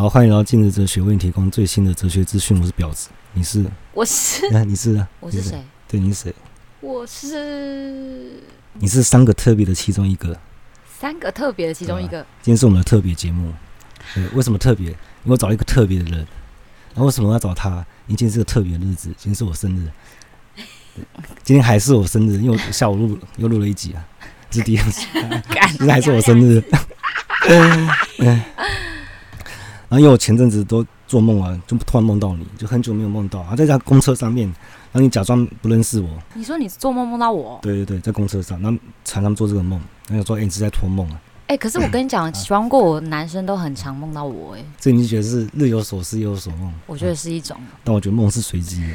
好，歡迎來到今日哲學，為你提供最新的哲學資訊。我是婊子，你是？我是、啊。那你是？我是誰？對，你是誰？我是。你是三個特別的其中一個。三個特別的其中一個、啊。今天是我們的特別節目。對，為什麼特別？因為我找了一個特別的人。那為什麼我要找他？因今天是個特別的日子，今天是我生日。今天還是我生日，因為我下午錄 又錄了一集啊，這第二集、啊。今天還是我生日。然後、啊、因為我前陣子都做夢啊，就突然夢到你，就很久沒有夢到啊，在家公車上面，然、啊、後你假裝不認識我。你說你做夢夢到我？對對對，在公車上，那常常做這個夢，然後說哎、欸，你是在托夢啊？哎、欸，可是我跟你講，嗯、喜歡過我的男生都很常夢到我哎、欸。這、啊、你覺得是日有所思夜有所夢？我覺得是一種，嗯、但我覺得夢是隨機的。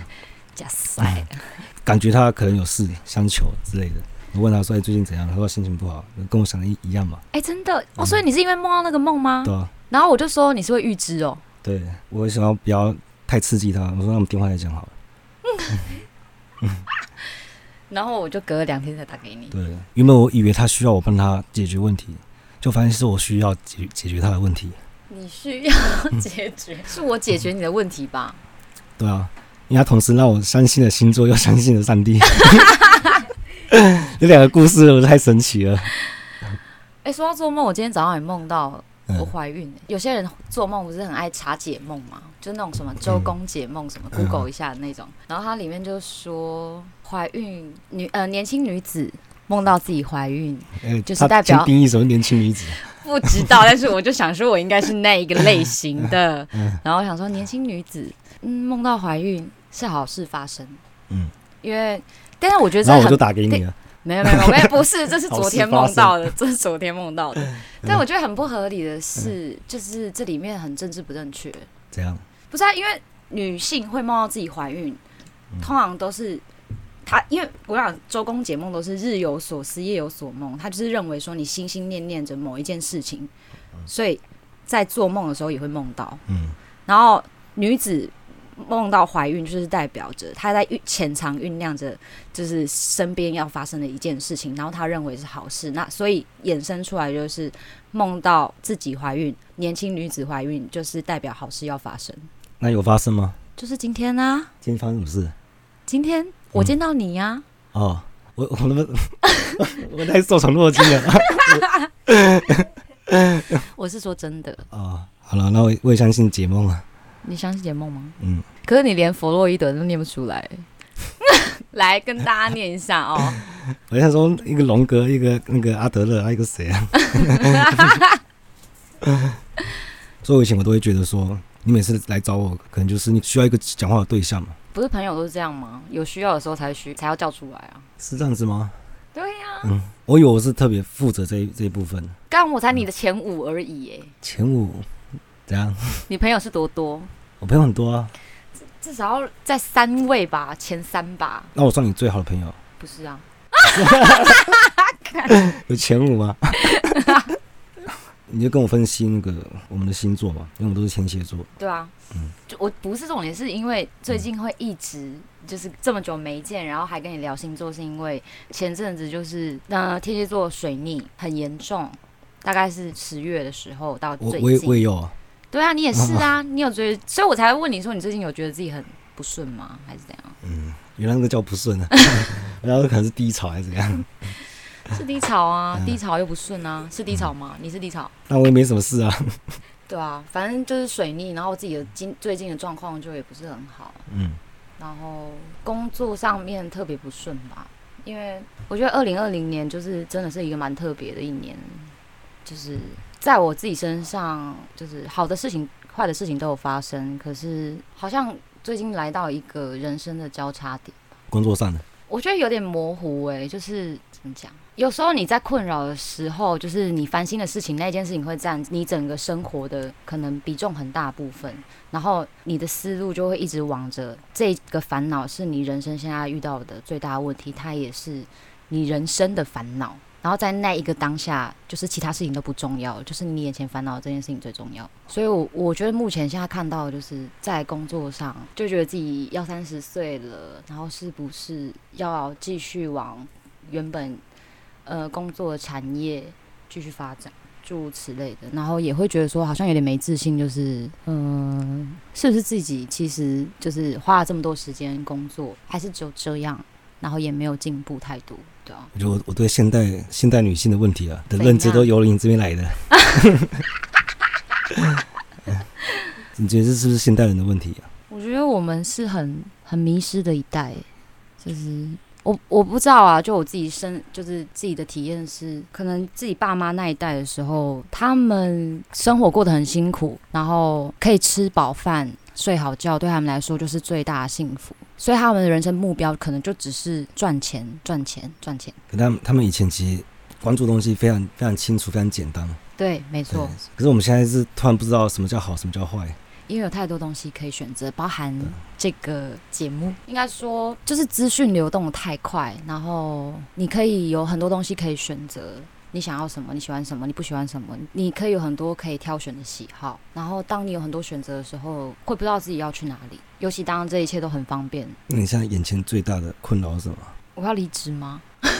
假賽、嗯，感覺他可能有事相求之類的。我問他說、欸、最近怎樣，他說心情不好，跟我想的一一樣嗎？哎、欸，真的哦，嗯、所以你是因為夢到那個夢嗎？對啊。然後我就說，你是會預知哦？對，我想要不要太刺激他。我說，那我們電話再講好了。嗯。嗯，然後我就隔了兩天才打給你。對，原本我以為他需要我幫他解決問題，就發現是我需要解解決他的問題。你需要解決，嗯、是我解決你的問題吧、嗯？對啊，因為他同時讓我相信了星座，又相信了上帝。 這兩個故事，我太神奇了。哎、欸，說到做夢，我今天早上也夢到。嗯、我懷孕、欸，有些人做夢不是很愛查解夢嗎？就那種什麼周公解夢什麼，Google 一下的那種。嗯嗯、然後它裡面就說懷孕女呃年輕女子夢到自己懷孕，欸、就是代表。定義什麼年輕女子？ 不知道，但是我就想說，我應該是那一個類型的。嗯、然後我想說年輕女子嗯夢到懷孕是好事發生，嗯，因為但是我覺得然後我就打給你了。沒有 沒有，我也不是，這是昨天夢到的， 這是昨天夢到的。嗯、但我覺得很不合理的是，嗯、就是這裡面很政治不正確。這樣。不是啊，因為女性會夢到自己懷孕，通常都是、嗯、她，因為我想周公解夢都是日有所思，夜有所夢，她就是認為說你心心念念着某一件事情，所以在做夢的時候也會夢到。嗯，然後女子。夢到懷孕就是代表着她在蘊潛藏醞釀着，就是身邊要發生的一件事情，然後他認為是好事，那所以衍生出來就是夢到自己懷孕，年輕女子懷孕就是代表好事要發生。那有發生嗎？就是今天啊！今天發生什麼事？今天、嗯、我見到你呀、啊！哦，我我那媽，我太受寵若驚了！我是說真的。哦，好了，那我，我也相信解夢啊。你相信解夢嗎？嗯，可是你連弗洛伊德都念不出來， 來跟大家念一下哦。 我想說，一個榮格，一個那個阿德勒，還、啊、有一個誰啊？ 所以以前我都會覺得說，你每次來找我，可能就是你需要一個講話的對象嘛。不是朋友都是這樣嗎？有需要的時候才需要才要叫出來啊。是這樣子嗎？對呀、啊。嗯，我以為我是特別負責這一這一部分。剛我才你的前五而已、欸，哎、嗯，前五。怎樣？你朋友是多多？我朋友很多啊，至，至少在三位吧，前三吧。那我算你最好的朋友？不是啊。 有前五嗎？ 你就跟我分析那個我們的星座吧，因為我們都是天蠍座。對啊，嗯、就我不是重點，是因為最近會一直就是這麼久沒見，然後還跟你聊星座，是因為前陣子就是那、呃、天蠍座水逆很嚴重，大概是十月的時候到最近。我我也我也有、啊。對啊，你也是啊，啊你有覺得，所以我才問你說，你最近有覺得自己很不順嗎？還是怎樣？嗯，原來那個叫不順啊，然後 可能是低潮還是怎樣？是低潮啊，啊低潮又不順啊，是低潮嗎？嗯、你是低潮？那、啊、我也沒什麼事啊。對啊，反正就是水逆，然後自己的最近的狀況就也不是很好。嗯，然後工作上面特別不順吧，因為我覺得二零二零年就是真的是一個蠻特別的一年，就是。在我自己身上，就是好的事情、壞的事情都有發生。可是，好像最近來到一個人生的交叉點，工作上的，我覺得有點模糊哎、欸。就是怎麼講？有時候你在困擾的時候，就是你煩心的事情，那件事情會佔你整個生活的可能比重很大部分。然後，你的思路就會一直往着這個煩惱，是你人生現在遇到的最大的問題，它也是你人生的煩惱。然後在那一個當下，就是其他事情都不重要，就是你眼前煩惱這件事情最重要。所以我，我我覺得目前現在看到的，就是在工作上就覺得自己要三十歲了，然後是不是要繼續往原本呃工作的產業繼續發展，諸如此類的。然後也會覺得說，好像有點沒自信，就是嗯、呃，是不是自己其實就是花了這麼多時間工作，還是只有這樣，然後也沒有進步太多。對啊、我覺得我對現代現代女性的問題啊的認知都由你這邊來的樣， 你覺得這是不是現代人的問題啊？我覺得我們是很很迷失的一代，就是我我不知道啊，就我自己生就是自己的體驗是，可能自己爸媽那一代的時候，他們生活過得很辛苦，然後可以吃飽飯。睡好覺對他們來說就是最大的幸福，所以他們的人生目標可能就只是賺錢、賺錢、賺錢。可他們，他們以前其實關注的東西非常非常清楚、非常簡單。對，沒錯。可是我們現在是突然不知道什麼叫好，什麼叫壞，因為有太多東西可以選擇，包含這個節目，嗯、應該說就是資訊流動太快，然後你可以有很多東西可以選擇。你想要什麼？你喜歡什麼？你不喜歡什麼？你可以有很多可以挑選的喜好。然後，當你有很多選擇的時候，會不知道自己要去哪裡。尤其當然這一切都很方便，那你現在眼前最大的困擾是什麼？我要離職嗎？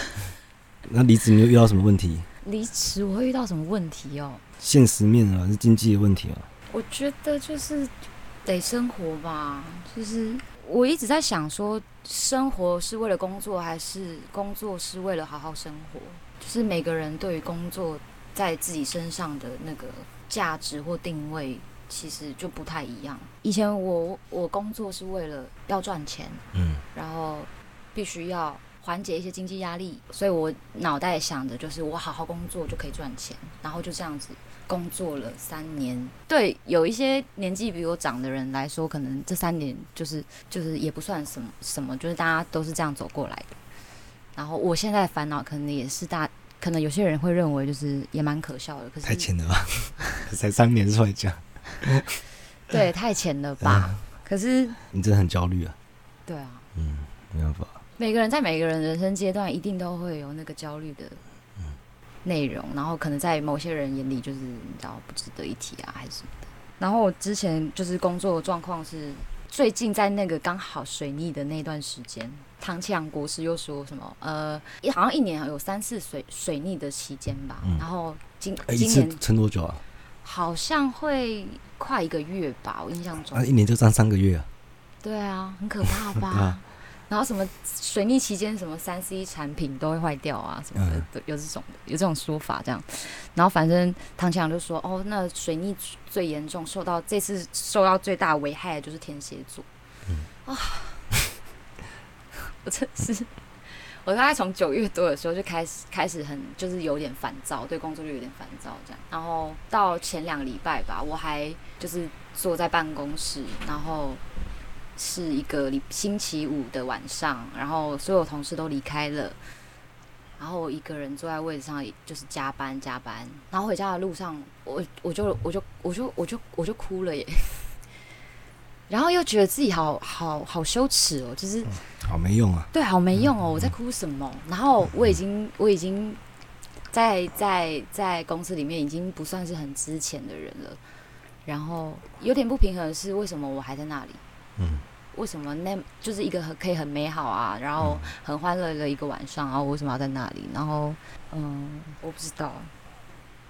那離職，你又遇到什麼問題？離職，我會遇到什麼問題哦、喔？現實面啊，是經濟的問題啊。我覺得就是得生活吧，就是。我一直在想說，生活是為了工作，還是工作是為了好好生活？就是每個人對於工作在自己身上的那個價值或定位，其實就不太一樣。以前我我工作是為了要賺錢，嗯，然後必須要緩解一些經濟壓力，所以我腦袋想的就是我好好工作就可以賺錢，然後就這樣子。工作了三年，對有一些年紀比我長的人來說，可能這三年就是就是也不算什麼什麼，就是大家都是這樣走過來的。然後我現在的煩惱可能也是大，可能有些人會認為就是也蠻可笑的，可是太淺了吧？才三年出來這樣， 對，太淺了吧？呃、可是你真的很焦慮啊？對啊，嗯，沒辦法，每個人在每個人人生階段一定都會有那個焦慮的。內容，然後可能在某些人眼裡就是你知道不值得一提啊，還是什麼的。然後我之前就是工作的狀況是，最近在那個剛好水逆的那段時間，唐綺陽國師又說什麼？呃，好像一年有三次水水逆的期間吧。然後今、嗯欸、一次撐多久啊？好像會快一個月吧，我印象中、啊。一年就三三個月啊？對啊，很可怕吧？ 然後什麼水逆期間，什麼三 C 產品都會壞掉啊，什麼的，有這種有這種說法這樣。然後反正唐強就說，哦，那水逆最嚴重，受到這次受到最大危害的就是天蠍座。啊，我真是，我大概從九月多的時候就開始開始很就是有點煩躁，對工作就有點煩躁這樣。然後到前兩禮拜吧，我還就是坐在辦公室，然後，是一個禮拜，星期五的晚上，然後所有同事都離開了，然後我一個人坐在位置上，就是加班加班，然後回家的路上，我我就我就我就我就，我就，我，就，我，就我就哭了耶， 然後又覺得自己好好好羞恥哦，就是、哦、好沒用啊，對，好沒用哦，嗯、我在哭什麼？嗯、然後我已經我已經在在在公司裡面已經不算是很值錢的人了，然後有點不平衡的是，為什麼我還在那裡？嗯，為什麼那就是一個很可以很美好啊，然後很歡樂的一個晚上啊，我為什麼要在那裡？然後嗯，呃，我不知道，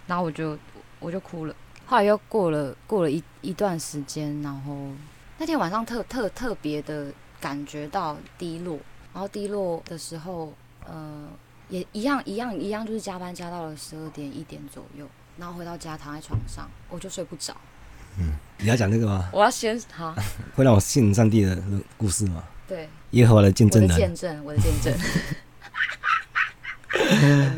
然後我就我就哭了。後來又過了過了一一段時間，然後那天晚上特特特別的感覺到低落，然後低落的時候，呃，也一樣一樣一樣，一樣就是加班加到了十二點一點左右，然後回到家躺在床上，我就睡不着。你要講這個嗎？我要先他會讓我信上帝的故事嗎？對，耶和華的見證人，我的見證，我的見證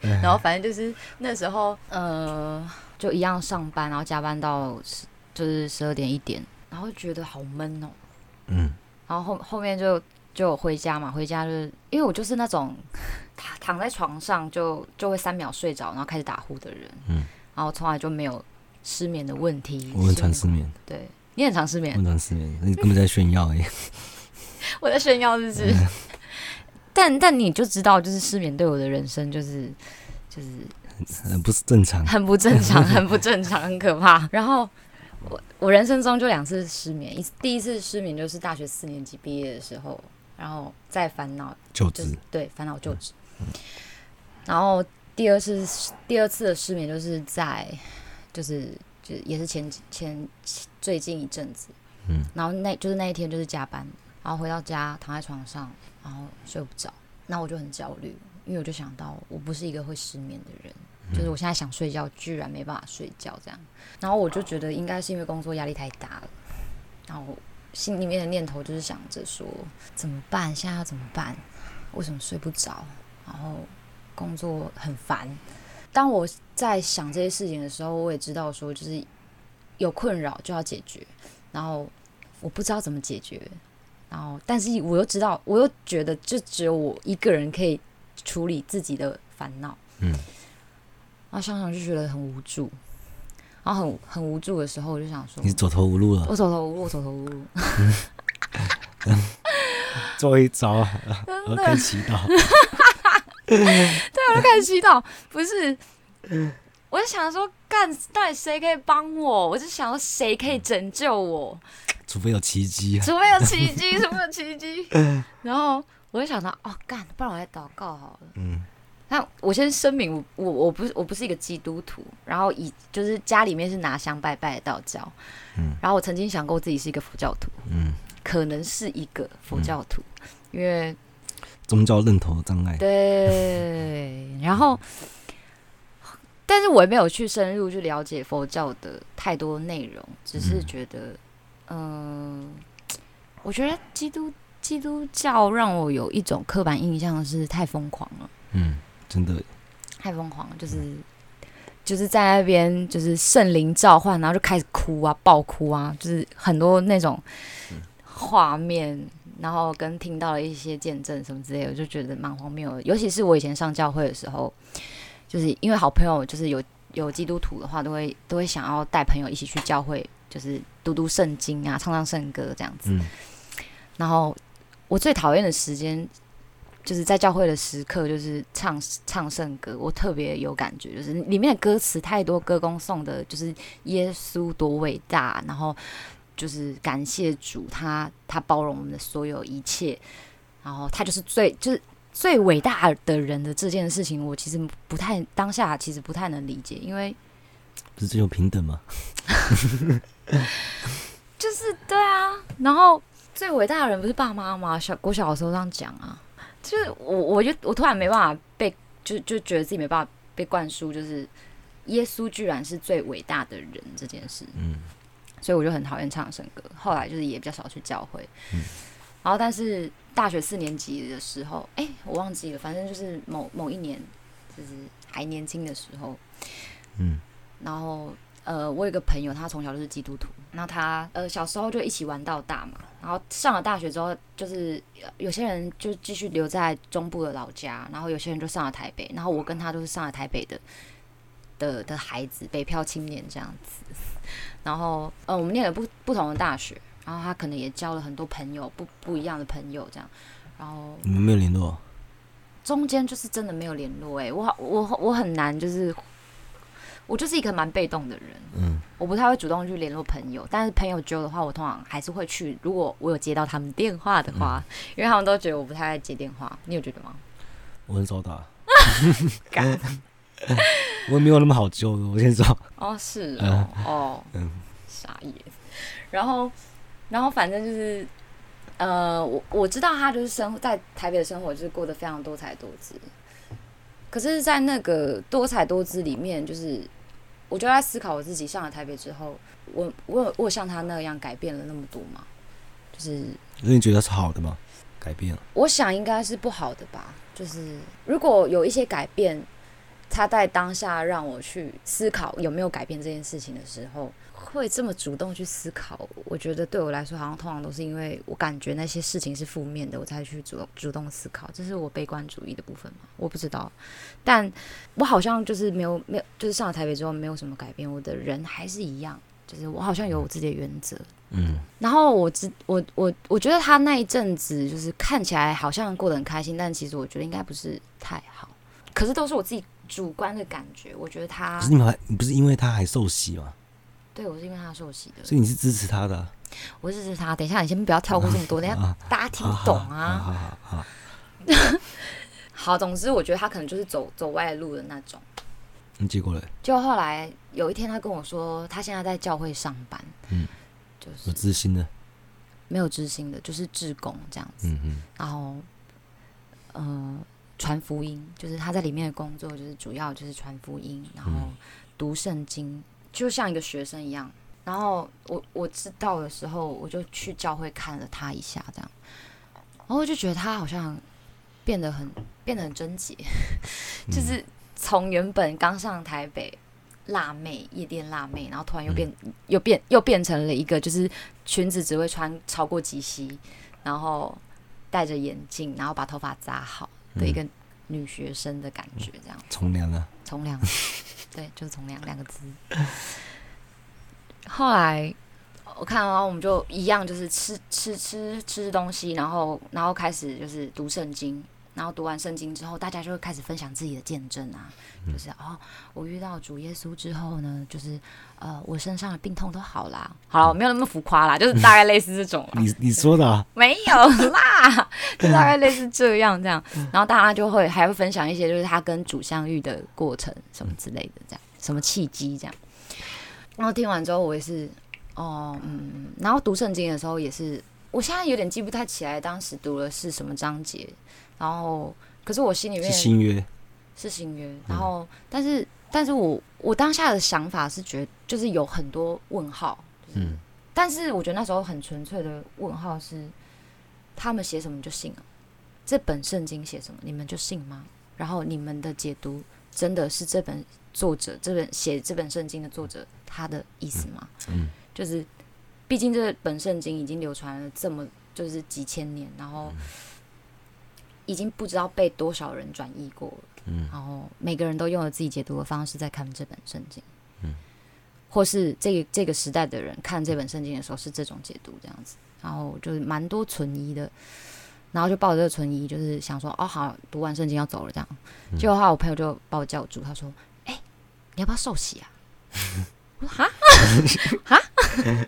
，amazing。然後反正就是那時候，呃，就一樣上班，然後加班到十就是十二點一點，然後覺得好悶哦。嗯。然後後後面就就回家嘛，回家就是因為我就是那種躺躺在床上就就會三秒睡着，然後開始打呼的人。嗯。然後從來就沒有。失眠的問題，我很常失，失眠。對，你很常失眠。很常失眠，那你根本在炫耀耶、欸？ 我在炫耀自己。嗯、但但你就知道，就是失眠對我的人生、就是，就是就是很，很不是正常，很不正常，很不正常，很可怕。 然後我我人生中就兩次失眠，一第一次失眠就是大學四年級畢業的時候，然後在煩惱就職，對，煩惱就職。嗯嗯、然後第二次第二次的失眠就是在。就是就是，也是前前最近一陣子，嗯，然後那就是那一天就是加班，然後回到家躺在床上，然後睡不着，那我就很焦慮，因為我就想到我不是一個會失眠的人，就是我現在想睡覺居然沒辦法睡覺這樣，然後我就覺得應該是因為工作壓力太大了，然後心裡面的念頭就是想着說怎麼辦，現在要怎麼辦，為什麼睡不着，然後工作很煩。當我在想這些事情的時候，我也知道說就是有困擾就要解決，然後我不知道怎麼解決，然後但是我又知道，我又覺得就只有我一個人可以處理自己的煩惱，嗯，然後想想就覺得很無助，然後很很無助的時候，我就想說你走投無路了，我無路，我走投無路，走投無路，做一招朝，我該的祈禱。 對，我 就開始祈禱，不是，我就想說，幹到底誰可以幫我？我就想說，誰可以拯救我？除非有奇蹟，除非有奇蹟，除非有奇蹟。然後我就想到，哦，幹，不然我來禱告好了。嗯，那我先聲明，我我我不是我不是一個基督徒，然後以就是家裡面是拿香拜拜的道教，嗯，然後我曾經想過自己是一個佛教徒，嗯，可能是一個佛教徒，嗯，因為。宗教認同的障礙。對，然後，但是我也沒有去深入去了解佛教的太多內容，只是覺得，嗯、呃，我覺得基督基督教讓我有一種刻板印象是太瘋狂了。嗯，真的。太瘋狂了，就是、嗯、就是在那邊就是聖靈召喚，然後就開始哭啊，爆哭啊，就是很多那種畫面。然後跟聽到了一些見證什麼之類的，我就覺得蠻荒謬的。尤其是我以前上教會的時候，就是因為好朋友，就是有有基督徒的話，都會都會想要帶朋友一起去教會，就是讀讀聖經啊，唱唱聖歌這樣子。嗯、然後我最討厭的時間就是在教會的時刻，就是唱唱聖歌，我特別有感覺，就是裡面的歌詞太多歌功頌德，就是耶穌多偉大，然後。就是感謝主他，他他包容我們的所有一切，然後他就是最就是最偉大的人的這件事情，我其實不太當下其實不太能理解，因為不是只有平等嗎？ 就是對啊，然後最偉大的人不是爸媽嗎？小我小時候這樣講啊，就是我我就我突然沒辦法被就就覺得自己沒辦法被灌輸，就是耶穌居然是最偉大的人這件事，嗯。所以我就很討厭唱神歌，後來就是也比較少去教會。嗯、然後，但是大學四年級的時候，哎、欸，我忘記了，反正就是某某一年，就是還年輕的時候，嗯。然後，呃，我有一個朋友，他從小就是基督徒，那他呃小時候就一起玩到大嘛。然後上了大學之後，就是有，有些人就繼續留在中部的老家，然後有些人就上了台北，然後我跟他都是上了台北的。的的孩子，北漂青年這樣子，然後，呃，我們念了不不同的大學，然後他可能也交了很多朋友，不不一樣的朋友這樣，然後你們沒有聯絡，中間就是真的沒有聯絡，欸，哎，我我我，我很難，就是我就是一個蠻被動的人，嗯，我不太會主動去聯絡朋友，但是朋友揪的話，我通常還是會去，如果我有接到他們電話的話，嗯、因為他們都覺得我不太愛接電話，你有覺得嗎？我很少打。 我也沒有那麼好救的，我先說哦，是哦，哦，嗯、傻眼。然後，然後反正就是，呃，我我知道他就是生活在台北的生活，就是過得非常多彩多姿。可是，在那個多彩多姿裡面，就是，我就在思考我自己上了台北之後，我我有我有像他那樣改變了那麼多嗎？就是，那你覺得是好的嗎？改變了？我想應該是不好的吧。就是如果有一些改變。他在當下讓我去思考有沒有改變這件事情的時候，會這麼主動去思考。我覺得對我來說，好像通常都是因為我感覺那些事情是負面的，我才去主動主動思考。這是我悲觀主義的部分嗎？我不知道。但我好像就是沒有沒有，就是上了台北之後，沒有什麼改變。我的人還是一樣，就是我好像有我自己的原則。嗯。然後我知我我我覺得他那一陣子就是看起來好像過得很開心，但其實我覺得應該不是太好。可是都是我自己。主觀的感覺，我覺得他不是，不是因為他還受洗嗎？對，我是因為他受洗的，所以你是支持他的，啊。我支持他。等一下，你先不要跳過這麼多，啊啊等一下啊啊大家聽懂啊。好，總之我覺得他可能就是走走歪路的那種。那，嗯、結果嘞？就後來有一天，他跟我說，他現在在教會上班。嗯，就是有支薪的，沒有支薪的，就是志工這樣子。嗯嗯哼，然後，嗯、呃。傳福音就是他在裡面的工作，就是主要就是傳福音，然後讀聖經，就像一個學生一樣。然後我我知道的時候，我就去教會看了他一下，這樣，然後我就覺得他好像變得很變得很貞潔， 就是從原本剛上台北辣妹夜店辣妹，然後突然又變、嗯、又變又變成了一個，就是裙子只會穿超過及膝，然後戴着眼鏡，然後把頭髮扎好。的、嗯、一個女學生的感覺，這樣，從良了，從良， 對，就是從良兩個字。後來我看完、啊，我們就一樣，就是吃吃吃吃東西，然後然後開始就是讀聖經。然後讀完聖經之後，大家就會開始分享自己的見證啊，就是哦，我遇到主耶穌之後呢，就是呃，我身上的病痛都好啦，好沒有那麼浮誇啦，就是大概類似這種。 你你說的、啊、沒有啦， 大概類似這樣這樣。然後大家就會還會分享一些，就是他跟主相遇的過程什麼之類的，這樣什麼契機這樣。然後聽完之後，我也是哦，嗯。然後讀聖經的時候也是，我現在有點記不太起來，當時讀了是什麼章節。然後，可是我心裡面是新約，是新約，然後，嗯、但是，但是我我當下的想法是覺，就是有很多問號。就是、嗯。但是我覺得那時候很純粹的問號是，他們寫什麼就信了？這本聖經寫什麼，你們就信嗎？然後你們的解讀真的是這本作者這本寫這本聖經的作者他的意思嗎？嗯。就是，畢竟這本聖經已經流傳了這麼就是幾千年，然後。嗯已經不知道被多少人轉譯過了，嗯，然後每個人都用了自己解讀的方式在看這本聖經，嗯，或是這個、這個時代的人看這本聖經的時候是這種解讀這樣子，然後就是蠻多存疑的，然後就抱着存疑，就是想說哦，好，讀完聖經要走了這樣，嗯、結果的話，我朋友就把我叫住，他說：“哎、欸，你要不要受洗啊？” 我說：“哈哈，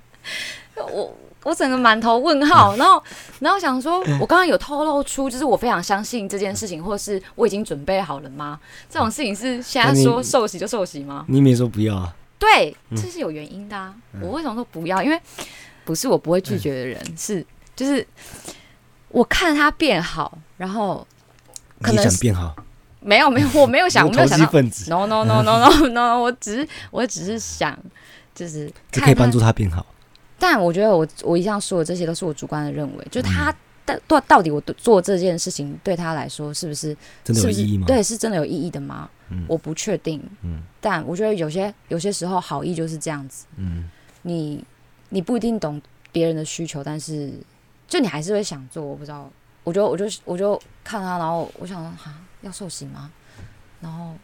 我。”我整個滿頭問號，然後，然後想說，我剛剛有透露出，就是我非常相信這件事情，或是我已經準備好了嗎？這種事情是現在說受洗就受洗嗎？你,你沒說不要啊？嗯、對，這是有原因的、啊。嗯、我為什麼說不要？因為不是我不會拒絕的人，嗯、 是就是我看他變好，然後可能你想變好。沒有沒有，我沒有想 我沒有想到。No no no no no no，, no, no 我只是我只是想，就是這可以幫助他變好。但我覺得我，我我以上說的這些都是我主觀的認為，就他到、嗯、到底我做這件事情對他來說是不是真的有意義嗎？是不是？對，是真的有意義的嗎？嗯、我不確定。嗯、但我覺得有些有些時候好意就是這樣子。嗯、你你不一定懂別人的需求，但是就你還是會想做。我不知道，我就我就我就看他，然後我想說啊，要受洗嗎？然後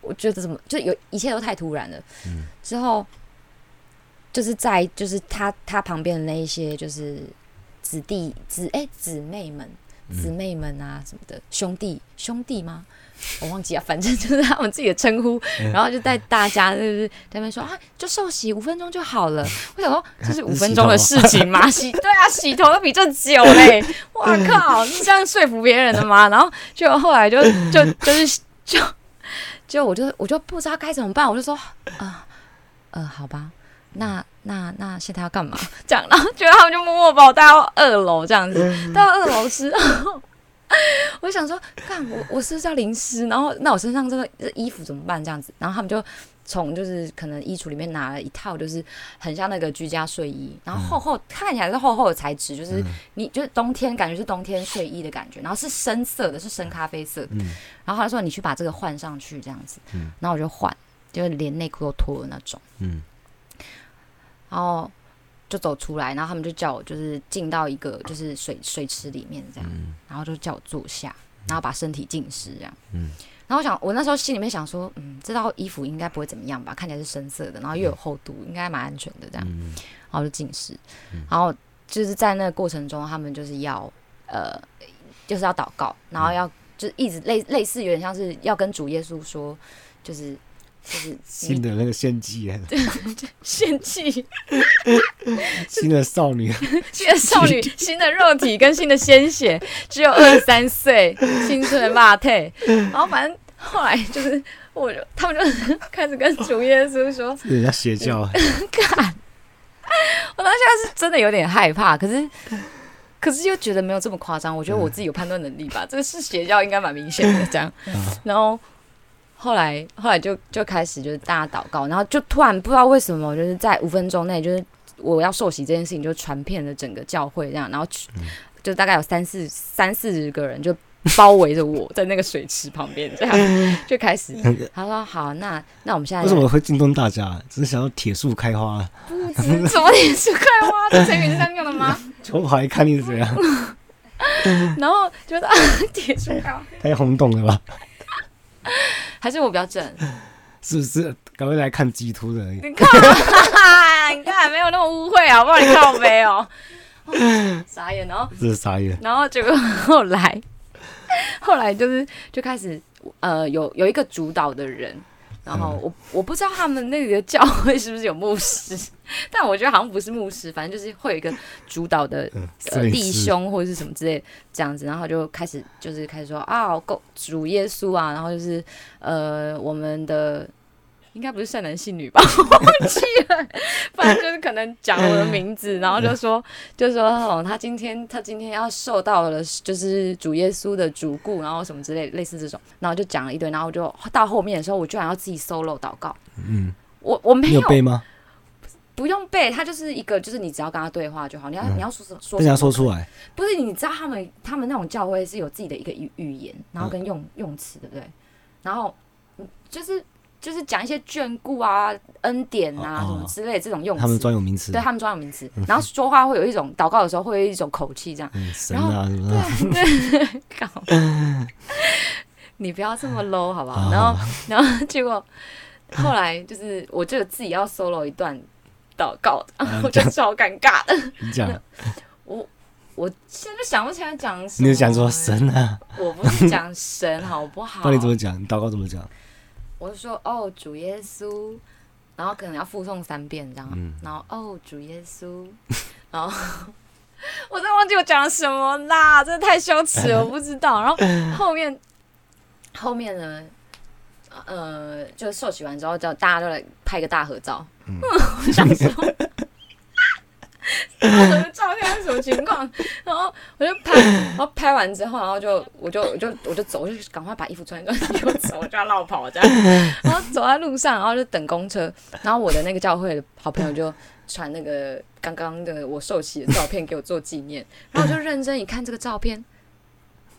我覺得怎麼就有一切都太突然了。嗯，之後。就是在就是他他旁邊的那一些就是子弟姊、哎、欸、姊妹們姊妹們啊什麼的兄弟、兄弟嗎？我忘記啊，反正就是他們自己的稱呼、嗯、然後就帶大家，就是他們說啊，啊就受洗五分鐘就好了，我想說這是五分鐘的事情嘛，洗，頭洗，對啊，洗頭都比較久嘞。我、欸、靠，你這樣說服別人的嗎？然後就後來就就就是就就我就我就不知道該怎麼辦，我就說啊呃，呃好吧。那那那，那那現在要幹嘛？這樣然後覺得他們就默默把我帶到二樓，這樣子到二樓之後，我想說，看我我是不是要淋濕？然後那我身上、這個、這個衣服怎麼辦？這樣子，然後他們就從就是可能衣櫥裡面拿了一套，就是很像那個居家睡衣，然後厚厚看起來是厚厚的材質，就是你就是冬天感覺是冬天睡衣的感覺，然後是深色的，是深咖啡色。嗯。然後他說：“你去把這個換上去，這樣子。”嗯。然後我就換，就是連內褲都脫的那種。嗯。然後就走出來，然後他們就叫我，就是進到一個就是水水池裡面這樣，嗯、然後就叫我坐下，嗯、然後把身體浸濕這樣。嗯、然後我想，我那時候心裡面想說，嗯，這套衣服應該不會怎麼樣吧？看起來是深色的，然後又有厚度，嗯、應該蠻安全的這樣。嗯、然後就浸濕，嗯、然後就是在那個過程中，他們就是要呃，就是要禱告，然後要、嗯、就一直類類似有點像是要跟主耶穌說，就是。新的那個獻祭，對，獻祭， 新的少女， 新的少女，新的肉體跟新的鮮血，只有二十三歲，青春的瓦特。然後反正後來就是，我就他們就開始跟主耶穌說，人家邪教。 我當時還是真的有點害怕，可是，可是又覺得沒有這麼誇張。我覺得我自己有判斷能力吧，嗯、這個是邪教，應該蠻明顯的。這樣，嗯、然後。後來，後來就就開始就是大家禱告，然後就突然不知道為什麼，就是在五分鐘內，就是我要受洗這件事情就傳遍了整個教會，這樣，然後就大概有三四三四十個人就包圍着我在那個水池旁邊，這樣就開始。他說：“好，那那我們現在，在為什麼會驚動大家？只是想要鐵樹開花？不知止、 啊、怎麼鐵樹開花的成語是這樣用的嗎？我跑來看你是怎樣， 然後覺得鐵樹高太轟動了吧。”還是我比較正，是不是？趕快來看 G 圖的，你， 你看，你看，沒有那麼污穢啊，我不知道你看我沒有，哦、傻眼，然後這是傻眼，然後結果後來，後來就是就開始，呃，有有一個主導的人。然後我我不知道他們那個教會是不是有牧師，嗯、但我覺得好像不是牧師，反正就是會有一個主導的、嗯呃、弟兄或者是什麼之類這樣子，然後就開始就是開始說啊，主耶穌啊，然後就是呃我們的。應該不是善男信女吧？我忘記了，反正 就是可能講我的名字， 然後就說，就說哦，他今天他今天要受到了，就是主耶穌的囑咐，然後什麼之類，類似這種，然後就講了一堆，然後我就到後面的時候，我居然要自己 solo 禱告。嗯，我我沒有，你有背嗎？不，不用背，他就是一個，就是你只要跟他對話就好。你要、嗯、你要說什麼？跟他說出來。不是，你知道他們他們那種教會是有自己的一個語語言，然後跟用、嗯、用詞對不對？然後就是。就是講一些眷顧啊、恩典啊什麼之類這種用詞，哦，他們專有名詞，對他們專有名詞。嗯、哼然後說話會有一種禱告的時候會有一種口氣這樣，嗯神啊，然後，啊、對搞，對對 你不要這麼 low 好不好？哦、然後然後結果後來就是我就自己要 solo 一段禱告，我就超尷尬的。你講，嗯， 我我現在想不起來講什麼，你講說神啊， 我不是講神好不好？那你怎麼講？你禱告怎麼講？我就說哦，主耶穌，然後可能要複誦三遍這樣，嗯、然後哦，主耶穌，然後 我真的忘記我講了什麼啦，真的太羞恥了，我不知道。然後後面 後面呢，呃，就受洗完之後叫大家都來拍個大合照，嗯，我想說 中。 然後我的照片是什麼情況？然後我就拍，然後拍完之後，然後就我就我就我就走，我就趕快把衣服穿一穿就走，我就要落跑這樣。然後走在路上，然後就等公車。然後我的那個教會的好朋友就傳那個剛剛的我受洗的照片給我做紀念。然後我就認真一看這個照片，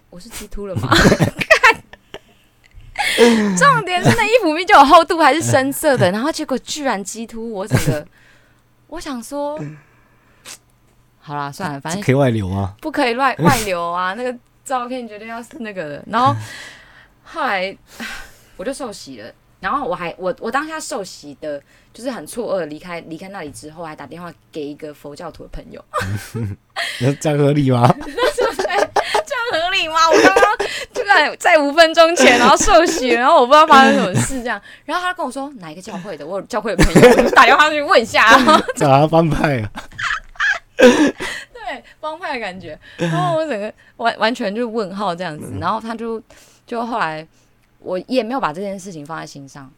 我是激凸了嗎？看， 重點是那衣服比較有厚度，還是深色的。然後結果居然激凸我整個，我想說。好啦，算了，反正不可以外流啊！不可以外、呃、外流啊！那個照片、呃、你絕對要是那個的。然後後來我就受洗了，然後我還我我當下受洗的，就是很錯愕，離開離開那裡之後，還打電話給一個佛教徒的朋友。這樣合理嗎？這樣合理嗎？我剛剛就在在五分鐘前，然後受洗，然後我不知道發生什麼事，這樣，然後他跟我說哪一個教會的，我有教會的朋友我就打電話去問一下啊， 然後找他翻派啊。 對幫派的感覺，然後我整個完完全就問號這樣子，然後他就就後來我也沒有把這件事情放在心上，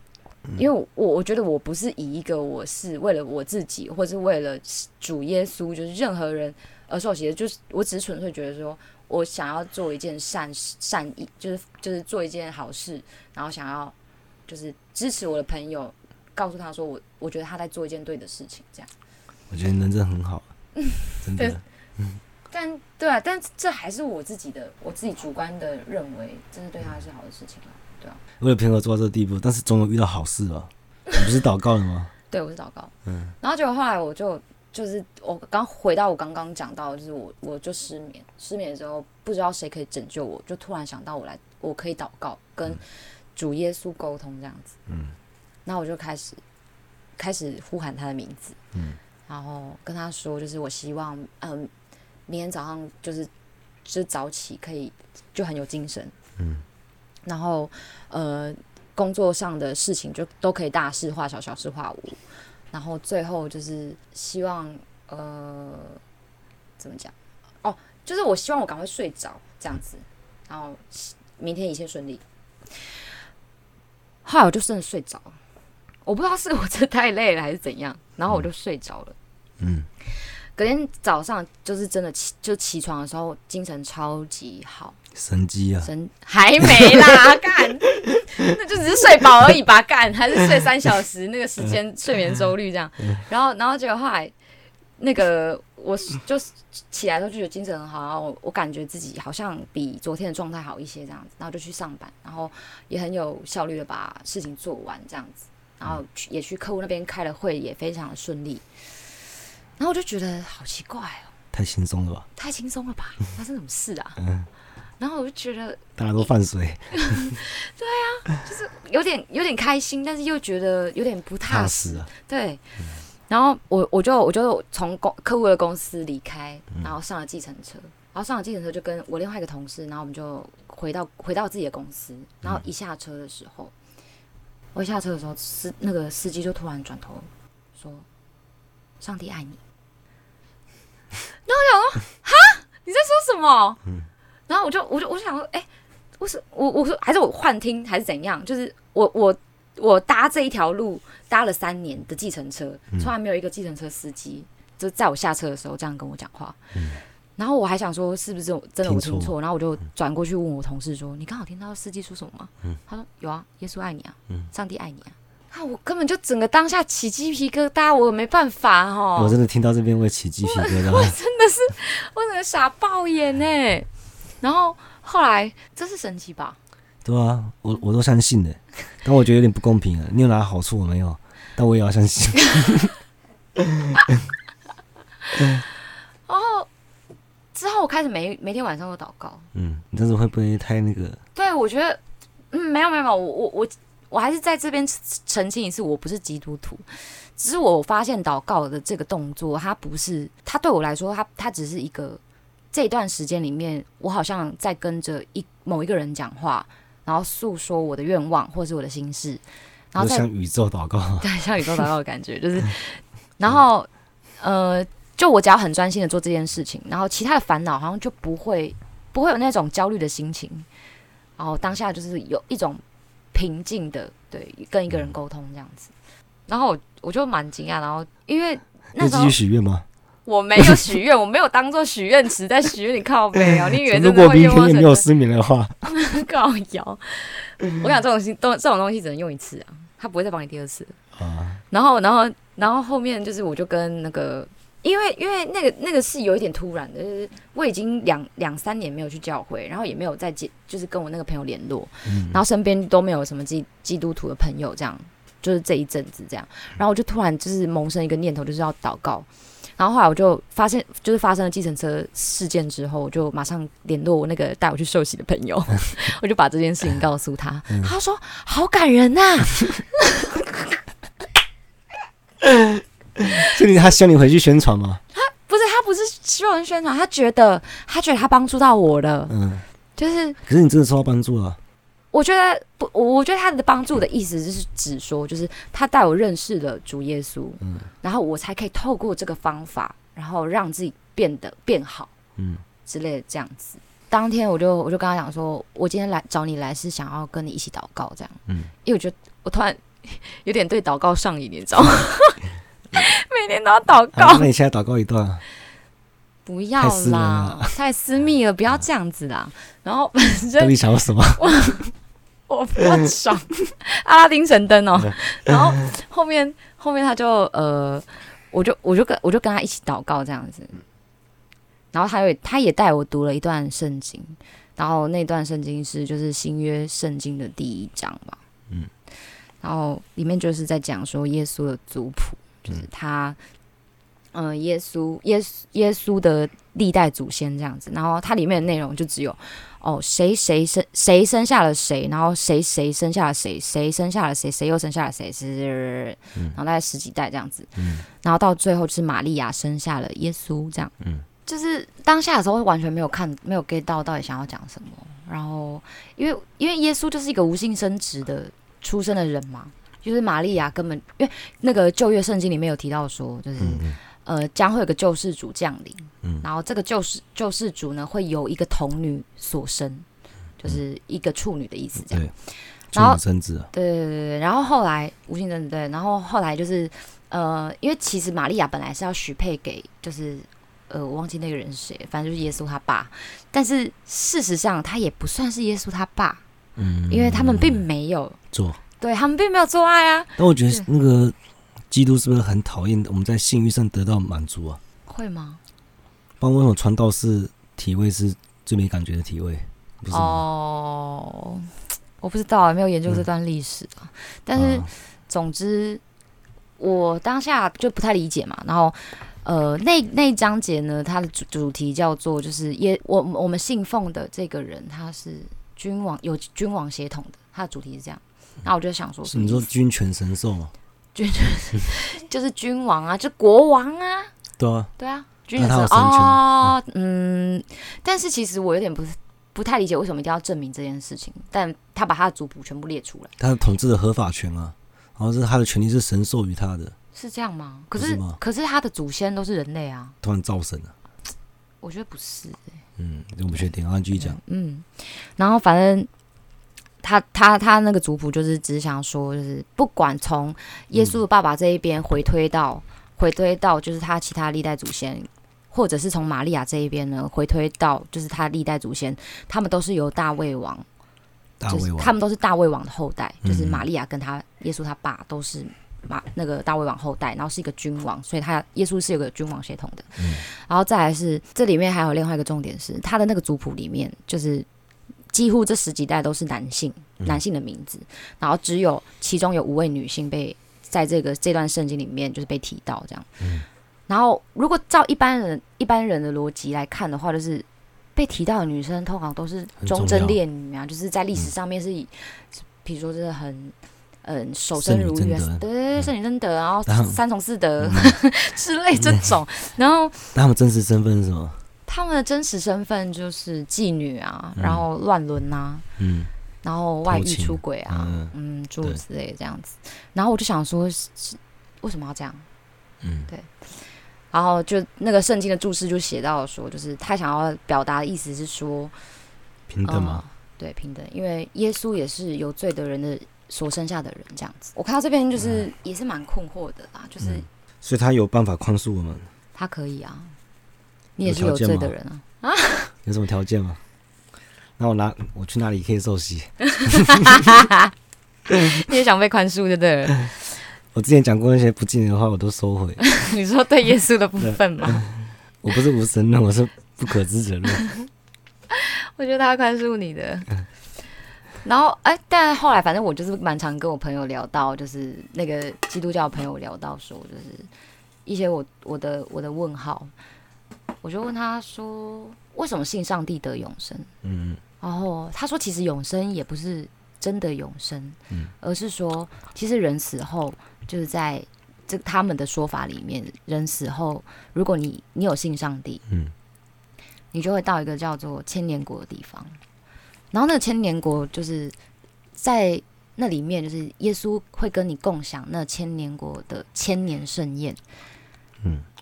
嗯、因為我我覺得我不是以一個我是為了我自己，或是為了主耶穌，就是任何人，而受洗的，就是我只是純粹覺得說我想要做一件善事，善意就是就是做一件好事，然後想要就是支持我的朋友，告訴他說我我覺得他在做一件對的事情，這樣，我覺得人真的很好。嗯， 對，嗯， 但對啊，但這還是我自己的，我自己主觀的認為，這是對他是好的事情啊，對啊。為了平和做到這個地步，但是總有遇到好事哦。 你不是禱告了嗎？對，我是禱告，嗯。然後結果後來我就就是我剛回到我剛剛講到，就是我剛剛我,剛剛就是我,我就失眠，失眠的時候不知道誰可以拯救我，就突然想到我來，我可以禱告跟主耶穌溝通這樣子，嗯。那我就開始開始呼喊他的名字，嗯。然後跟他說，就是我希望，嗯、呃，明天早上就是就是早起可以就很有精神，嗯，然後呃工作上的事情就都可以大事化小，小事化無，然後最後就是希望呃怎麼講哦，就是我希望我趕快睡着這樣子，嗯、然後明天一切順利。後來我就真的睡着。我不知道是我這太累了還是怎樣，然後我就睡着了嗯。嗯，隔天早上就是真的起就起床的時候，精神超級好，神蹟啊，神還沒啦幹， 那就只是睡飽而已吧，干還是睡三小時那個時間 睡眠週期這樣。然後，然後結果後來那個我就起來的時候就覺得精神很好，然後我我感覺自己好像比昨天的狀態好一些這樣子，然後就去上班，然後也很有效率的把事情做完這樣子。然後去也去客戶那邊開了會，也非常的順利。然後我就覺得好奇怪哦、喔，太輕鬆了吧？太輕鬆了吧？發生什麼事啊？嗯。然後我就覺得大家都放水。 對啊，就是有點有點開心，但是又覺得有點不踏實啊。死對。然後我我就我就從公客戶的公司離開，然後上了計程車，然後上了計程車就跟我另外一個同事，然後我們就回到回到自己的公司，然後一下車的時候。我一下車的時候，司那個司機就突然轉頭說：“上帝愛你。No, no, no? ”然後我想說：“哈，你在說什麼？”嗯、然後我就我就我就想說：“哎、欸，我是我我說還是我幻聽還是怎樣？就是我我我搭這一條路搭了三年的計程車，從來、嗯、沒有一個計程車司機就在我下車的時候這樣跟我講話。”嗯然後我還想說，是不是真的我聽錯？聽錯，然後我就轉過去問我同事說：“嗯、你剛好聽到司機說什麼嗎？”嗯、他說：“有啊，耶穌愛你啊，嗯、上帝愛你啊。”啊，我根本就整個當下起雞皮疙瘩，我也沒辦法、啊、哦。我真的聽到這邊會起雞皮疙瘩，我，我真的是我怎麼傻爆眼呢？ 然後後來這是神奇吧？對啊，我我都相信的，但我覺得有點不公平啊。 你有拿好處我沒有？但我也要相信。 每每天晚上都禱告，嗯，你真的會不會太那個？對我覺得，嗯，沒有沒有沒有，我我我我還是在這邊澄清一次，我不是基督徒，只是我發現禱告的這個動作，它不是，它對我來說，它它只是一個這一段時間裡面，我好像在跟着一某一個人講話，然後訴說我的願望或者是我的心事，然後向宇宙禱告，對，向宇宙禱告的感覺 就是，然後，對呃。就我只要很專心的做這件事情，然後其他的煩惱好像就不會不會有那種焦慮的心情，然後當下就是有一種平靜的對，跟一個人溝通這樣子，然後我就蠻驚訝，然後因為那，你自己許願嗎？我沒有許願，我沒有當做許願池在許願，你靠背哦、啊，你以為真的？如果明天你沒有失眠的話， 靠腰。我跟你講這種東這種東西只能用一次啊，他不會再幫你第二次了啊，然。然後然後然後後面就是我就跟那個。因為因為那個那個是有一點突然的，就是我已經兩兩三年沒有去教會，然後也沒有再接，就是跟我那個朋友聯絡，嗯、然後身邊都沒有什麼基基督徒的朋友，這樣就是這一陣子這樣，然後我就突然就是萌生一個念頭，就是要禱告，然後後來我就發現，就是發生了計程車事件之後，我就馬上聯絡我那個帶我去受洗的朋友， 我就把這件事情告訴他，嗯、他就說好感人吶、啊。 嗯他希望你回去宣傳嗎？他不是，他不是希望宣傳，他覺得他覺得他幫助到我了，嗯，就是。可是你真的受到幫助了啊？我覺得不，我覺得他的幫助的意思就是指說，就是他帶我認識了主耶穌，嗯，然後我才可以透過這個方法，然後讓自己變得變好，嗯，之類的這樣子。當天我就我就跟他講說，我今天來找你來是想要跟你一起禱告，這樣，嗯，因為我覺得我突然有點對禱告上癮，你知道嗎？ 每天都要禱告、啊。那你現在禱告一段？不要啦，太私密了，嗯、不要這樣子啦。嗯、然後就，都你想要什麼？我，我不要爽， 阿拉丁神燈哦。 然後後面後面他就呃，我就我就跟我就跟他一起禱告這樣子。然後他又他也帶我讀了一段聖經，然後那段聖經是就是新約聖經的第一章嘛。嗯，然後裡面就是在講說耶穌的族譜。就是他，嗯、呃，耶穌，耶穌，耶穌的歷代祖先這樣子，然後它裡面的內容就只有，哦，誰誰生誰生下了誰，然後誰誰生下了誰，誰生下了誰，誰又生下了誰，是、嗯、然後大概十幾代這樣子，然後到最後是瑪利亞生下了耶穌這樣，嗯，就是當下的時候完全沒有看，沒有 get 到到底想要講什麼，然後因為因為耶穌就是一個無性生殖的出生的人嘛。就是瑪利亞根本，因為那個舊約聖經裡面有提到說，就是嗯嗯呃將會有個救世主降臨，嗯嗯然後這個救世救世主呢會由一個童女所生，就是一個處女的意思這樣。嗯嗯然後生子，啊、對對對，對然後後來，無形的對，然後後來就是呃，因為其實瑪利亞本來是要許配給就是呃我忘記那個人是誰，反正就是耶穌他爸，但是事實上他也不算是耶穌他爸，嗯，嗯，因為他們並沒有嗯嗯做。對，他們並沒有做愛啊。但我覺得那個基督是不是很討厭我們在性欲上得到滿足啊？會嗎？幫我傳道士體位是最沒感覺的體位，不是嗎？哦，我不知道啊，沒有研究這段歷史、嗯、是啊。但是總之，我當下就不太理解嘛。然後，呃，那那一章節呢？它的主主題叫做就是也，我我們信奉的這個人他是君王，有君王血統的。他的主題是這樣，那我就想說，嗯、你說君權神授嗎？君權神就是君王啊，就是、國王啊， 對啊，對、哦、啊，君主啊，嗯。但是其實我有點不是不太理解，為什麼一定要證明這件事情？但他把他的族譜全部列出來，他的統治的合法權啊，然後是他的權力是神授予他的，是這樣嗎？可是，是可是他的祖先都是人類啊，突然造神啊。我覺得不是、欸，嗯，就不確定，按劇情講，嗯，然後反正。他他他那個族譜就是只想說，就是不管從耶穌的爸爸這一邊回推到回推到，就是他其他歷代祖先，或者是從瑪利亞這一邊呢回推到，就是他歷代祖先，他們都是由大衛王，他們都是大衛王的後代，就是瑪利亞跟他耶穌他爸都是馬那個大衛王後代，然後是一個君王，所以他耶穌是有一個君王血統的。然後再來是這裡面還有另外一個重點是他的那個族譜裡面就是。幾乎這十幾代都是男性，男性的名字，嗯、然後只有其中有五位女性被在這個這段聖經裡面就是被提到這樣。嗯、然後如果照一般人一般人的邏輯來看的話，就是被提到的女生通常都是忠貞烈女啊，就是在歷史上面是以，嗯、比如說真的很嗯守身如玉啊，對對對，聖女貞德，嗯、然後三從四德、嗯、 之類這種。嗯、然後他們真實身份是什麼？他們的真實身份就是妓女啊，嗯、然後亂倫吶、啊，嗯，然後外遇出軌啊，清嗯，諸如此類這樣子。對然後我就想說，是為什麼要這樣？嗯，對。然後就那個聖經的注釋就寫到說，就是他想要表達的意思是說平等嗎、呃？對，平等。因為耶穌也是有罪的人的所生下的人，這樣子。我看到這邊就是也是蠻困惑的啦，嗯、就是所以他有辦法寬恕我們？他可以啊。你也是有罪的人啊！啊，有什麼條件嗎？那我哪我去哪裡可以受洗？ 你也想被寬恕對，對不對？我之前講過那些不敬的話，我都收回。 你說對耶穌的部分嗎？ 我不是無神論，我是不可知者論。 我覺得他寬恕你的。然後，哎、欸，但後來反正我就是蠻常跟我朋友聊到，就是那個基督教朋友聊到說，就是一些我我的我的問號。我就問他說：“為什麼信上帝得永生？”嗯，嗯，然後他說：“其實永生也不是真的永生，嗯，嗯，而是說，其實人死後，就是在這他們的說法裡面，人死後，如果你你有信上帝，嗯，嗯，你就會到一個叫做千年國的地方。然後那個千年國就是在那裡面，就是耶穌會跟你共享那千年國的千年盛宴。”嗯，嗯。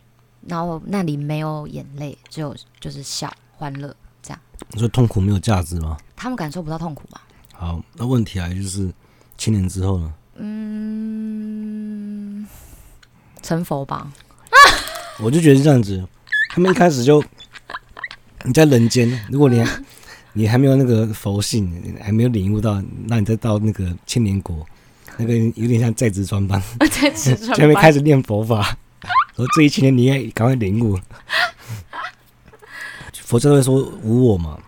然後那裡沒有眼淚，只有就是笑、歡樂這樣。你說痛苦沒有價值嗎？他們感受不到痛苦嗎？好，那問題還就是千年之後呢？嗯，成佛吧。我就覺得是這樣子。他們一開始就 你在人間，如果你你還沒有那個佛性，還沒有領悟到，那你再到那個千年國，那個有點像在職專班。在職專班開始念佛法。而這一千年你也趕快領悟，佛教會說無我嘛，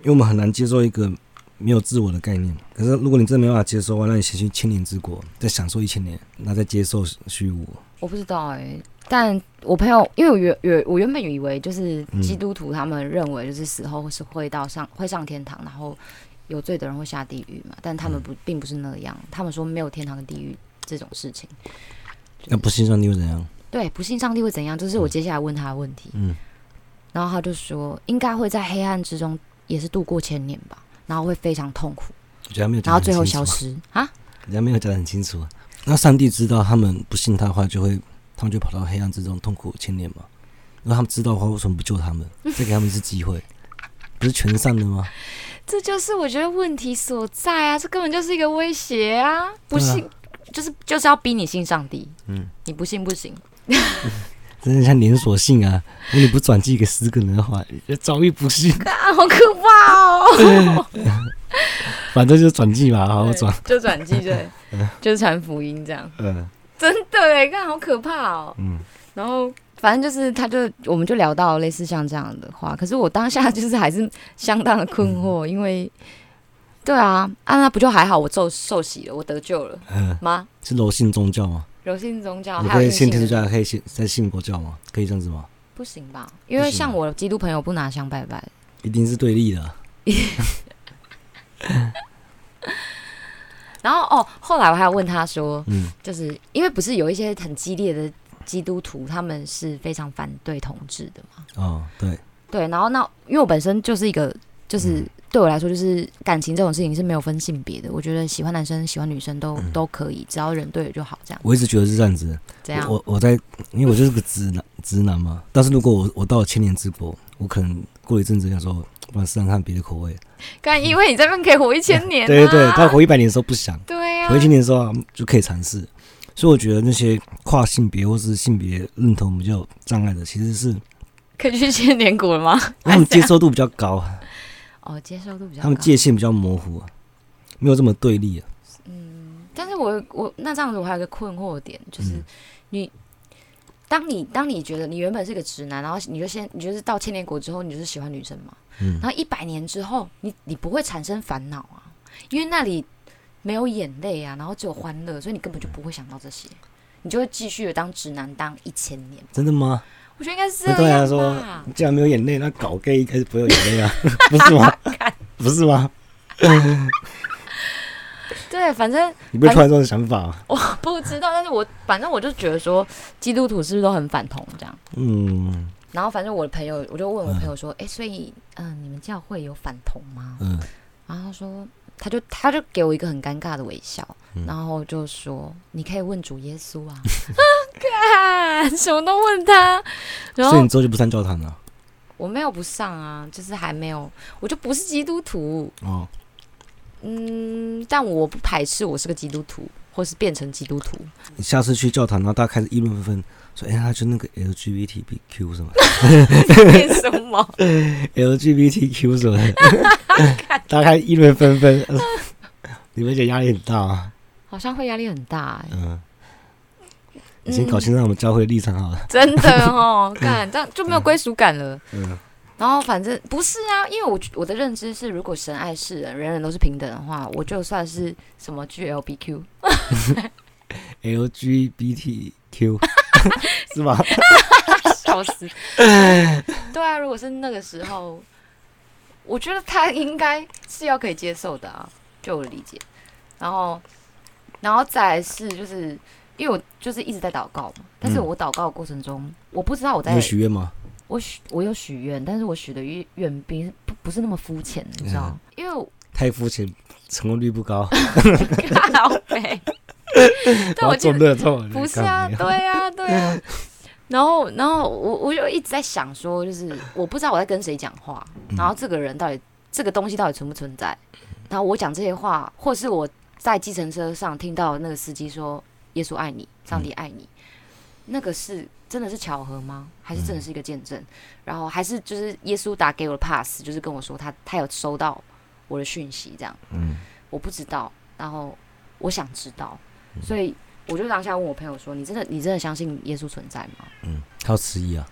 因為我們很難接受一個沒有自我的概念。可是如果你真的沒辦法接受的話，那你先去千年之國，再享受一千年，那再接受虛無。我不知道哎、欸，但我朋友，因為我原原我原本以為就是基督徒他們認為就是死後是會到上會上天堂，然後有罪的人會下地獄嘛，但他們不、嗯、並不是那個樣，他們說沒有天堂跟地獄這種事情。就是、那不信上帝又怎樣？對，不信上帝會怎樣？這是我接下來問他的問題。嗯，嗯，然後他就說，應該會在黑暗之中，也是度過千年吧，然後會非常痛苦。我覺得他沒有、啊，然後最後消失啊？人家沒有講得很清楚、啊。那上帝知道他們不信他的話，就會他們就跑到黑暗之中痛苦千年嘛。因為他們知道的話，為什麼不救他們， 再給他們一次機會？不是全善的嗎？ 這就是我覺得問題所在啊！這根本就是一個威脅啊！不信，啊、就是就是要逼你信上帝。嗯，你不信不行。 嗯、真的像連鎖信啊！如果你不轉寄給十個人的話，遭遇不幸。啊，好可怕哦！嗯、反正就是轉寄嘛，好好轉。就轉寄，對，轉就是傳、嗯、福音這樣。嗯，真的哎，看好可怕哦。嗯，然後反正就是，他就我們就聊到類似像這樣的話。可是我當下就是還是相當的困惑，嗯、因為對啊，啊那不就還好，我受受洗了，我得救了。嗯，嗎媽？是柔性宗教嗎？柔性宗教，你可以信天主教、可以信在信佛教嗎？可以這樣子嗎？不行吧，因為像我基督朋友不拿香拜拜，一定是對立的。然後哦，後來我還要問他說，嗯，就是因為不是有一些很激烈的基督徒，他們是非常反對同志的嘛？哦，對對，然後那因為我本身就是一個。就是對我來說，就是感情這種事情是沒有分性別的。嗯、我覺得喜歡男生、喜歡女生都、嗯、都可以，只要人對了就好。這樣，我一直覺得是這樣子。這樣，我我在，因為我就是個直男， 直男嘛。但是如果我我到了千年之國，我可能過一陣子的時候，想說試試看別的口味。那因為你在那可以活一千年、啊嗯，對對他活一百年的時候不想，對呀、啊，活一千年的時候、啊、就可以嘗試。所以我覺得那些跨性別或是性別認同比較障礙的，其實是可以去千年國了嗎？我們接受度比較高。哦，接受度比較他們界限比較模糊，啊，嗯、沒有這麼對立啊。嗯，但是我我那這樣子，我還有個困惑點，就是你、嗯、當你當你覺得你原本是個直男，然後你就先你就是到千年國之後，你就是喜歡女生嘛。嗯，然後一百年之後，你你不會產生煩惱啊，因為那裡沒有眼淚啊，然後只有歡樂，所以你根本就不會想到這些，你就會繼續的當直男當一千年。真的嗎？我覺得應該是，對然、啊、說，既然沒有眼淚，那搞 gay 一開始不會有眼淚啊， 不是嗎？ 不是嗎？ 對，反正你不會突然這種想法，正我不知道，但是我反正我就覺得說，基督徒是不是都很反同這樣？嗯。然後反正我的朋友，我就問我朋友說，哎、嗯欸，所以嗯、呃，你們教會有反同嗎？嗯。然後他說。他就他就給我一個很尷尬的微笑，嗯、然後就說：“你可以問主耶穌啊，啊， 什麼都問他。”然後所以你之後就不上教堂了？我沒有不上啊，就是還沒有，我就不是基督徒哦。嗯，但我不排斥我是個基督徒，或是變成基督徒。你下次去教堂，然後大家開始議論紛紛。說哎呀，就那個 LGBTQ 是嗎？什麼？LGBTQ 是嗎？大家議論紛紛。你們這壓力很大啊？好像會壓力很大哎。嗯，先搞清楚我們教會立場好了。真的哦，看這樣就沒有歸屬感了。嗯。然後反正不是啊，因為我我的認知是，如果神愛世人，人人都是平等的話，我就算是什麼 GLBQ。LGBTQ。 是嗎？笑死！對啊，如果是那個時候，我覺得他應該是要可以接受的啊，就我理解。然後，然後再來是，就是，就是因為我就是一直在禱告嘛，但是我禱告的過程中，嗯、我不知道我在許願嗎？我許，我有許願，但是我許的願並不不是那麼膚淺，你知道、嗯、因為太膚淺，成功率不高。靠 北。 但我覺得不是啊，對啊，對啊。啊啊、然後，然後我我就一直在想說，就是我不知道我在跟誰講話，然後這個人到底這個東西到底存不存在？然後我講這些話，或是我在計程車上聽到那個司機說“耶穌愛你，上帝愛你”，那個是真的是巧合嗎？還是真的是一個見證？然後還是就是耶穌打給我的 pass，就是跟我說他他有收到我的訊息，這樣。嗯，我不知道。然後我想知道。所以，我就當下問我朋友說：“你真的，你真的相信耶穌存在嗎？”嗯，他有遲疑啊。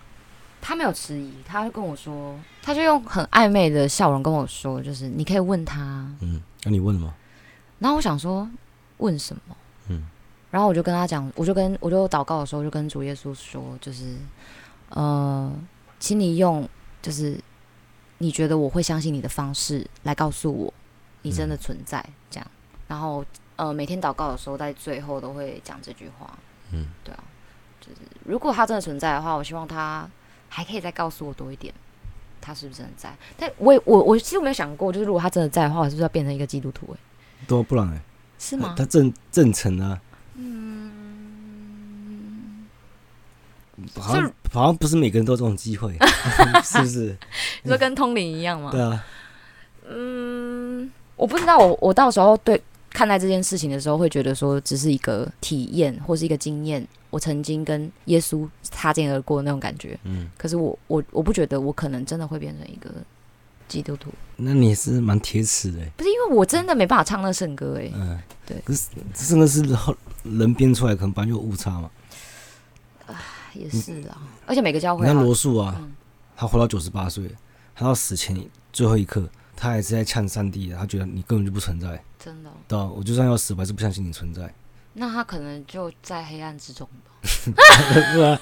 他沒有遲疑，他就跟我說，他就用很曖昧的笑容跟我說：“就是你可以問他。”嗯，那、啊、你問嗎？然後我想說，問什麼？嗯，然後我就跟他講，我就跟我就禱告的時候就跟主耶穌說：“就是呃，請你用就是你覺得我會相信你的方式來告訴我，你真的存在。”嗯，這樣，然後。呃，每天禱告的時候，在最後都會講這句話。嗯，對啊，就是如果他真的存在的話，我希望他還可以再告訴我多一點，他是不是很在？但我也我我其實沒有想過，就是如果他真的在的話，我是不是要變成一個基督徒？哎，多不然、欸，是嗎？他正正常啊。嗯，好像是好像不是每個人都有這種機會， 是不是？你說跟通靈一樣嗎？對啊。嗯，我不知道，我我到時候對。看待這件事情的時候，會覺得說只是一個體驗或是一個經驗，我曾經跟耶穌擦肩而過的那種感覺。嗯，可是我我我不覺得我可能真的會變成一個基督徒。那你是蠻鐵齒的，不是，因為我真的沒辦法唱那聖歌哎。嗯，對，可是聖歌是，是人編出來，可能本來就有誤差嘛。啊，也是啊，你而且每個教會，那羅素啊，嗯、他活到九十八歲，他到死前最後一刻，他還是在嗆上帝，他覺得你根本就不存在，真的、哦，對，我就算要死，我還是不相信你存在。那他可能就在黑暗之中吧，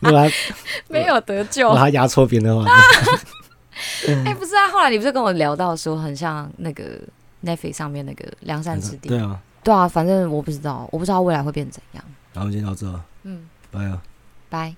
不然沒有得救。我他壓錯邊的話。哎，不是啊，後來你不是跟我聊到說，很像那個 Netflix 上面那個《梁山之巔》。對啊，對啊，反正我不知道，我不知道未來會變怎樣。然後今天到這，嗯，拜拜、啊。